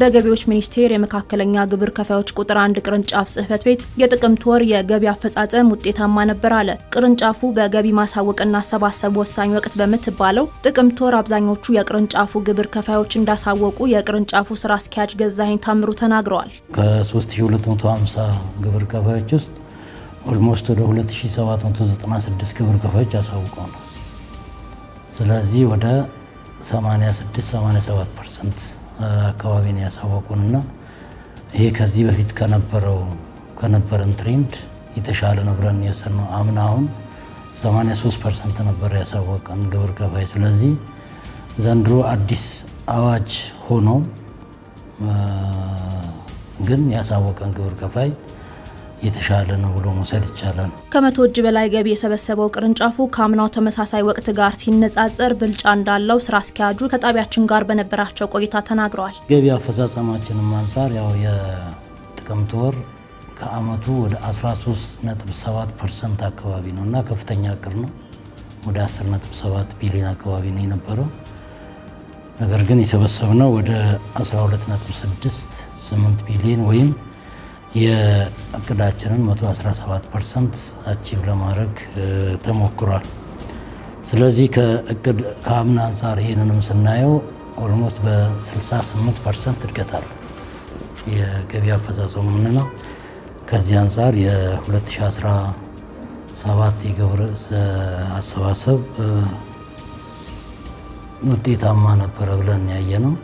በገቢዎች ሚኒስቴር የመካከለኛ ግብር ከፋዮች ቁጥር አንድ ቅርንጫፍ ጽህፈት ቤት የጥቅምት ወር የገቢ አፈጻጸም ውጤታማ ነበር አለ። ቅርንጫፉ በገቢ ማሳወቅና አሰባሰብ ወሳኝ ወቅት በምትባለው ጥቅምት ወር አብዛኞቹ የቅርንጫፉ ግብር ከፋዮች እንዳሳወቁ የቅርንጫፉ ስራ አስኪያጅ ገዛኸኝ ታምሩ ተናግረዋል። ከ3250 ግብር ከፋዮች ውስጥ ኦልሞስት ወደ 2796 ግብር ከፋዮች አሳውቀው ነው። ስለዚህ ወደ 86 87 ፐርሰንት አካባቢን ያሳወቁንና እና ይሄ ከዚህ በፊት ከነበረው ከነበረን ትሬንድ የተሻለ ነው ብለን የወሰድነው አምና አሁን 83 ፐርሰንት ነበር ያሳወቀን ግብር ከፋይ። ስለዚህ ዘንድሮ አዲስ አዋጅ ሆኖ ግን ያሳወቀን ግብር ከፋይ የተሻለ ነው ብሎ መውሰድ ይቻላል። ከመቶ እጅ በላይ ገቢ የሰበሰበው ቅርንጫፉ ከአምናው ተመሳሳይ ወቅት ጋር ሲነጻጸር ብልጫ እንዳለው ስራ አስኪያጁ ከጣቢያችን ጋር በነበራቸው ቆይታ ተናግረዋል። ገቢ አፈጻጸማችንም አንጻር ያው የጥቅምት ወር ከአመቱ ወደ 13.7 ፐርሰንት አካባቢ ነው እና ከፍተኛ እቅድ ነው። ወደ 10.7 ቢሊዮን አካባቢ ነው የነበረው። ነገር ግን የሰበሰብነው ወደ 12.68 ቢሊዮን ወይም የእቅዳችንን 117 ፐርሰንት አቺቭ ለማድረግ ተሞክሯል። ስለዚህ ከእቅድ ከአምና አንጻር ይህንንም ስናየው ኦልሞስት በ68 ፐርሰንት እድገት አለ የገቢ አፈጻጸሙ ምንነው። ከዚህ አንጻር የ2017 የግብር አሰባሰብ ውጤታማ ነበረ ብለን ያየ ነው።